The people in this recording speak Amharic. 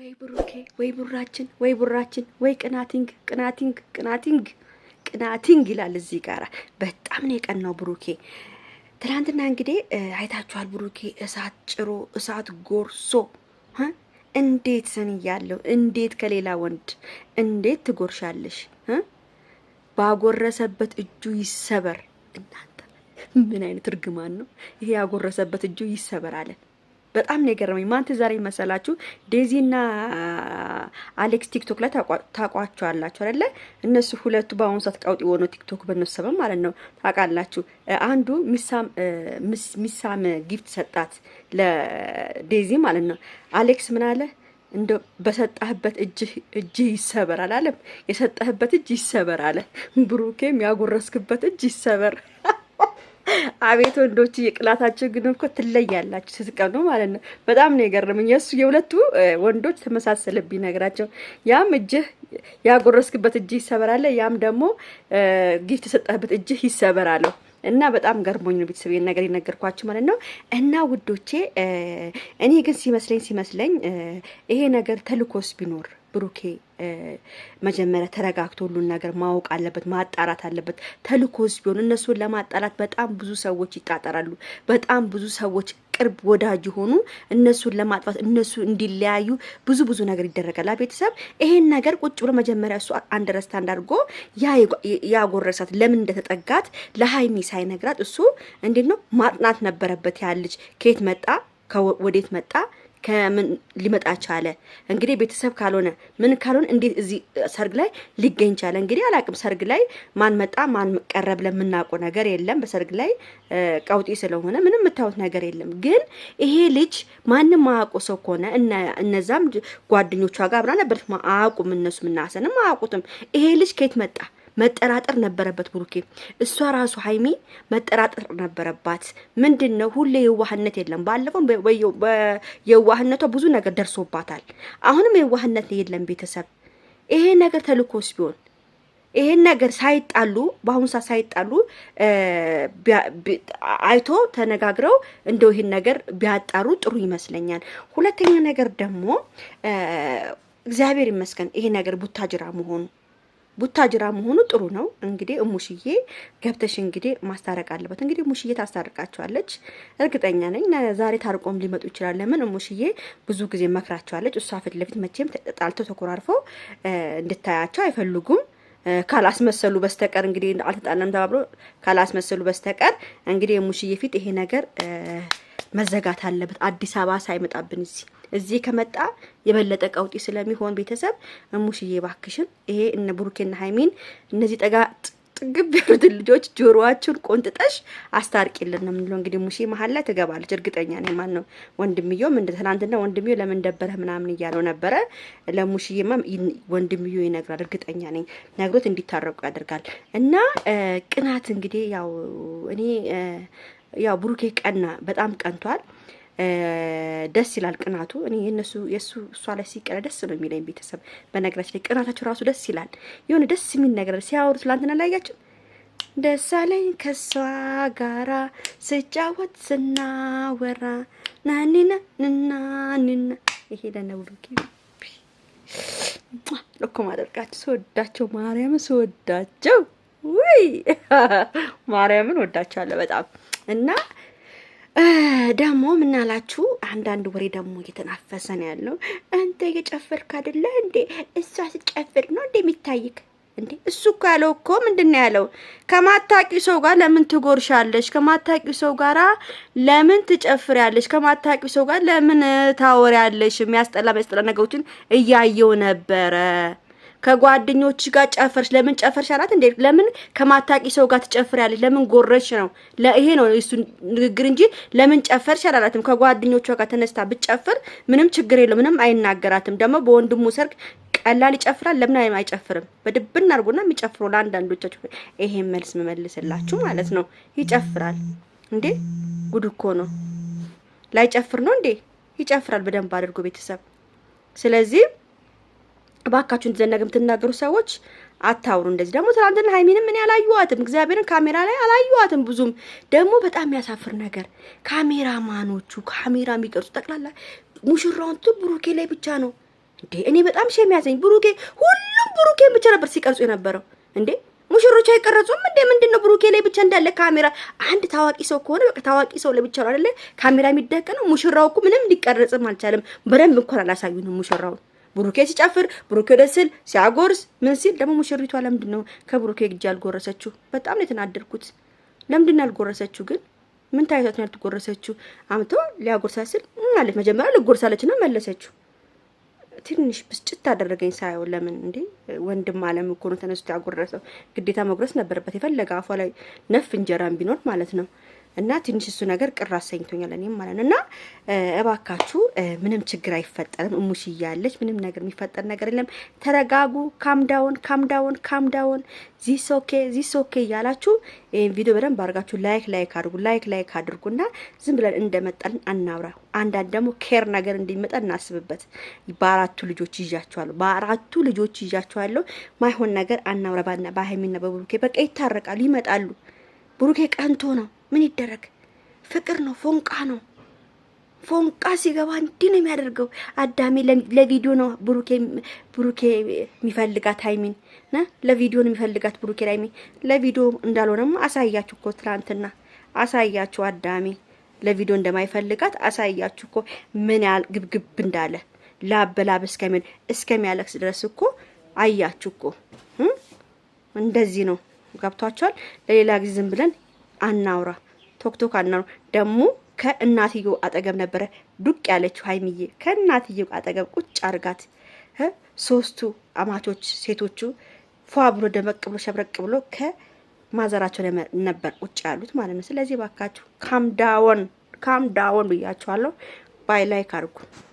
ወይ ብሩኬ ወይ ቡራችን ወይ ቡራችን ወይ ቅናቲንግ ቅናቲንግ ቅናቲንግ ቅናቲንግ ይላል እዚህ ጋር በጣም ነው የቀናው ብሩኬ። ትናንትና እንግዲህ አይታችኋል። ብሩኬ እሳት ጭሮ እሳት ጎርሶ እንዴት ስን ያለው እንዴት ከሌላ ወንድ እንዴት ትጎርሻለሽ? ባጎረሰበት እጁ ይሰበር። እናንተ ምን አይነት እርግማን ነው ይሄ? ያጎረሰበት እጁ ይሰበር አለን በጣም ነው የገረመኝ። ማንተ ዛሬ መሰላችሁ ዴዚና አሌክስ ቲክቶክ ላይ ታቋቸዋላችሁ አይደለ? እነሱ ሁለቱ በአሁኑ ሰዓት ቀውጥ የሆነ ቲክቶክ በነሱ ሰበብ ማለት ነው። ታውቃላችሁ፣ አንዱ ሚሳም ሚሳም ጊፍት ሰጣት ለዴዚ ማለት ነው። አሌክስ ምን አለ? እንደ በሰጠህበት እጅ ይሰበር አላለም? የሰጠህበት እጅ ይሰበር አለ። ብሩኬም ያጎረስክበት እጅ ይሰበር አቤት ወንዶች የቅላታቸው ግን እኮ ትለያላችሁ ስትቀኑ ማለት ነው። በጣም ነው የገረመኝ። የእሱ የሁለቱ ወንዶች ተመሳሰለብኝ ነገራቸው። ያም እጅህ ያጎረስክበት እጅ ይሰበራል፣ ያም ደግሞ ጊፍት የሰጠህበት እጅህ ይሰበራለሁ። እና በጣም ገርሞኝ ነው ቤተሰብ ነገር የነገርኳችሁ ማለት ነው። እና ውዶቼ እኔ ግን ሲመስለኝ ሲመስለኝ ይሄ ነገር ተልኮስ ቢኖር ብሩኬ መጀመሪያ ተረጋግቶ ሁሉን ነገር ማወቅ አለበት፣ ማጣራት አለበት። ተልኮስ ቢሆን እነሱን ለማጣላት በጣም ብዙ ሰዎች ይጣጠራሉ። በጣም ብዙ ሰዎች ቅርብ ወዳጅ የሆኑ እነሱን ለማጥፋት እነሱ እንዲለያዩ ብዙ ብዙ ነገር ይደረጋል። ቤተሰብ ይሄን ነገር ቁጭ ብሎ መጀመሪያ እሱ ረስት አድርጎ ያጎረሳት ለምን እንደተጠጋት ለሀይሚ ሳይነግራት እሱ እንዴት ነው ማጥናት ነበረበት። ያልጅ ከየት መጣ፣ ከወዴት መጣ ከምን ሊመጣ ቻለ? እንግዲህ ቤተሰብ ካልሆነ ምን ካልሆነ እንዴት እዚህ ሰርግ ላይ ሊገኝ ቻለ? እንግዲህ አላቅም። ሰርግ ላይ ማን መጣ ማን ቀረ ብለን የምናውቀው ነገር የለም። በሰርግ ላይ ቀውጢ ስለሆነ ምንም የምታዩት ነገር የለም። ግን ይሄ ልጅ ማንም አያውቁ ሰው ከሆነ እነዛም ጓደኞቿ ጋር አብራ ነበር። አያውቁም፣ እነሱ ምናሰንም አያውቁትም። ይሄ ልጅ ከየት መጣ መጠራጠር ነበረበት ብሩኬ። እሷ ራሱ ሀይሚ መጠራጠር ነበረባት። ምንድን ነው ሁሌ የዋህነት የለም። ባለፈው የዋህነቷ ብዙ ነገር ደርሶባታል። አሁንም የዋህነት የለም። ቤተሰብ ይሄ ነገር ተልኮስ ቢሆን ይሄን ነገር ሳይጣሉ በአሁኑ ሰዓት ሳይጣሉ አይቶ ተነጋግረው እንደው ይሄን ነገር ቢያጣሩ ጥሩ ይመስለኛል። ሁለተኛ ነገር ደግሞ እግዚአብሔር ይመስገን ይሄ ነገር ቡታጅራ መሆኑ ቡታጅራ መሆኑ ጥሩ ነው። እንግዲህ እሙሽዬ ገብተሽ እንግዲህ ማስታረቅ አለበት። እንግዲህ እሙሽዬ ታስታርቃቸዋለች፣ እርግጠኛ ነኝ። ዛሬ ታርቆም ሊመጡ ይችላል። ለምን እሙሽዬ ብዙ ጊዜ መክራቸዋለች። እሷ ፊት ለፊት መቼም ተጣልተው ተኮራርፈው እንድታያቸው አይፈልጉም ካላስመሰሉ በስተቀር እንግዲህ አልተጣለም ተባብሎ ካላስመሰሉ በስተቀር እንግዲህ የሙሽዬ ፊት ይሄ ነገር መዘጋት አለበት። አዲስ አበባ ሳይመጣብን እዚህ እዚህ ከመጣ የበለጠ ቀውጢ ስለሚሆን ቤተሰብ ሙሽዬ ባክሽን ይሄ እነ ብሩኬና ሀይሚን እነዚህ ጠጋ ጥግብ ያሉትን ልጆች ጆሮዋችሁን ቆንጥጠሽ አስታርቂልን ነው የምንለው። እንግዲህ ሙሽ መሀል ላይ ትገባለች እርግጠኛ ነኝ። ማን ነው ወንድምየውም እንደ ትናንትና ወንድምየው ለምን ደበረህ ምናምን እያለው ነበረ። ለሙሽዬማ ወንድምየው ይነግራል እርግጠኛ ነኝ። ነግሮት እንዲታረቁ ያደርጋል። እና ቅናት እንግዲህ ያው እኔ ያው ብሩኬ ቀና፣ በጣም ቀንቷል። ደስ ይላል ቅናቱ። እኔ የነሱ የእሱ እሷ ላይ ሲቀረ ደስ ነው የሚለኝ ቤተሰብ። በነገራችን ላይ ቅናታቸው ራሱ ደስ ይላል። የሆነ ደስ የሚል ነገር ሲያወሩ ትላንትና ላያቸው ደሳለኝ ከሷ ጋራ ስጫወት ስናወራ ናኒና ንናንና ንና ይሄ ለነብሩኪ እኮ ማደርጋቸው ስወዳቸው ማርያምን ስወዳቸው ውይ ማርያምን ወዳቸዋለሁ በጣም እና ደግሞ ምናላችሁ አንዳንድ ወሬ ደግሞ እየተናፈሰ ነው ያለው። አንተ እየጨፈርክ አይደለ እንዴ? እሷ ስጨፍር ነው እንዴ የሚታይክ እንዴ? እሱ እኮ ያለው እኮ ምንድን ነው ያለው? ከማታቂ ሰው ጋር ለምን ትጎርሻለሽ? ከማታቂ ሰው ጋር ለምን ትጨፍሪያለሽ? ከማታቂ ሰው ጋር ለምን ታወሪያለሽ? የሚያስጠላ የሚያስጠላ ነገሮችን እያየው ነበረ። ከጓደኞች ጋር ጨፈርሽ፣ ለምን ጨፈርሽ አላት። እንዴ ለምን ከማታቂ ሰው ጋር ትጨፍሪያለሽ? ለምን ጎረሽ ነው ይሄ ነው እሱ ንግግር እንጂ ለምን ጨፈርሽ አላላትም። ከጓደኞቿ ጋር ተነስታ ብትጨፍር ምንም ችግር የለው፣ ምንም አይናገራትም። ደግሞ በወንድሙ ሰርግ ቀላል ይጨፍራል። ለምን አይጨፍርም? በድብና አድርጎና የሚጨፍረው ለአንዳንዶቻችሁ ይሄን መልስ መመልስላችሁ ማለት ነው። ይጨፍራል እንዴ ጉድ እኮ ነው። ላይጨፍር ነው እንዴ? ይጨፍራል በደንብ አድርጎ ቤተሰብ ስለዚህ እባካችሁ እንደዚያ የምትናገሩ ሰዎች አታውሩ። እንደዚህ ደግሞ ትናንትና ሀይሚንም እኔ አላዩዋትም፣ እግዚአብሔርን ካሜራ ላይ አላዩዋትም ብዙም ደግሞ በጣም የሚያሳፍር ነገር ካሜራማኖቹ ካሜራ የሚቀርጹ ጠቅላላ ሙሽራውን ቱ ብሩኬ ላይ ብቻ ነው እንዴ! እኔ በጣም ሸ የሚያዘኝ ብሩኬ፣ ሁሉም ብሩኬን ብቻ ነበር ሲቀርጹ የነበረው እንዴ! ሙሽሮች አይቀረጹም እንዴ? ምንድን ነው ብሩኬ ላይ ብቻ እንዳለ ካሜራ? አንድ ታዋቂ ሰው ከሆነ በቃ ታዋቂ ሰው ላይ ብቻ ነው አደለ ካሜራ ነው። ሙሽራው እኮ ምንም ሊቀረጽም አልቻለም። በደንብ እንኳን አላሳዩንም ሙሽራውን ብሩኬ ሲጨፍር፣ ብሩኬ ደስል ሲያጎርስ ምን ሲል ደግሞ ሙሽሪቷ ለምንድን ነው ከብሩኬ እጅ ያልጎረሰችው? በጣም ነው የተናደድኩት። ለምንድን ነው ያልጎረሰችው ግን ምን ታይቷት ነው ያልተጎረሰችው? አምቶ ሊያጎርሳት ስል ማለት መጀመሪያ ልጎርሳለች ነው መለሰችው። ትንሽ ብስጭት አደረገኝ ሳየው። ለምን እንዴ ወንድም አለም እኮ ነው ተነስቶ ያጎረሰው። ግዴታ መጉረስ ነበረበት። የፈለገ አፏ ላይ ነፍ እንጀራም ቢኖር ማለት ነው። እና ትንሽ እሱ ነገር ቅር አሰኝቶኛል እኔም ማለት ነው። እና እባካችሁ ምንም ችግር አይፈጠርም። እሙሽ እያለች ምንም ነገር የሚፈጠር ነገር የለም። ተረጋጉ። ካምዳውን ካምዳውን ካምዳውን ዚስ ኦኬ ዚስ ኦኬ እያላችሁ ይህን ቪዲዮ በደንብ አድርጋችሁ ላይክ ላይክ አድርጉ ላይክ ላይክ አድርጉና ዝም ብለን እንደመጣልን አናውራ። አንዳንድ ደግሞ ኬር ነገር እንዲመጣ እናስብበት። በአራቱ ልጆች ይዣችኋለሁ፣ በአራቱ ልጆች ይዣችኋለሁ። ማይሆን ነገር አናውራ። ባሀይሚና በቡሩኬ በቃ ይታረቃሉ፣ ይመጣሉ። ቡሩኬ ቀንቶ ነው ምን ይደረግ? ፍቅር ነው፣ ፎንቃ ነው። ፎንቃ ሲገባ እንዲህ ነው የሚያደርገው። አዳሜ ለቪዲዮ ነው ብሩኬ ብሩኬ የሚፈልጋት ሀይሚን ነ ለቪዲዮ ነው የሚፈልጋት ብሩኬ ሀይሚ ለቪዲዮ እንዳልሆነም አሳያችሁ እኮ ትናንትና አሳያችሁ። አዳሜ ለቪዲዮ እንደማይፈልጋት አሳያችሁ እኮ ምን ያህል ግብግብ እንዳለ ላበላብ እስከሚል እስከሚያለቅስ ድረስ እኮ አያችሁ እኮ። እንደዚህ ነው ገብቷቸዋል። ለሌላ ጊዜ ዝም ብለን አናውራ ቶክቶክ አናውራ። ደግሞ ከእናትየው አጠገብ ነበረ ዱቅ ያለችው ሀይሚዬ ከእናትየው አጠገብ ቁጭ አርጋት ሶስቱ አማቾች ሴቶቹ ፏ ብሎ ደመቅ ብሎ ሸብረቅ ብሎ ከማዘራቸው ነበር ቁጭ ያሉት ማለት ነው። ስለዚህ ባካችሁ ካምዳወን ካምዳወን ብያችኋለሁ። ባይ ላይክ አድርጉ።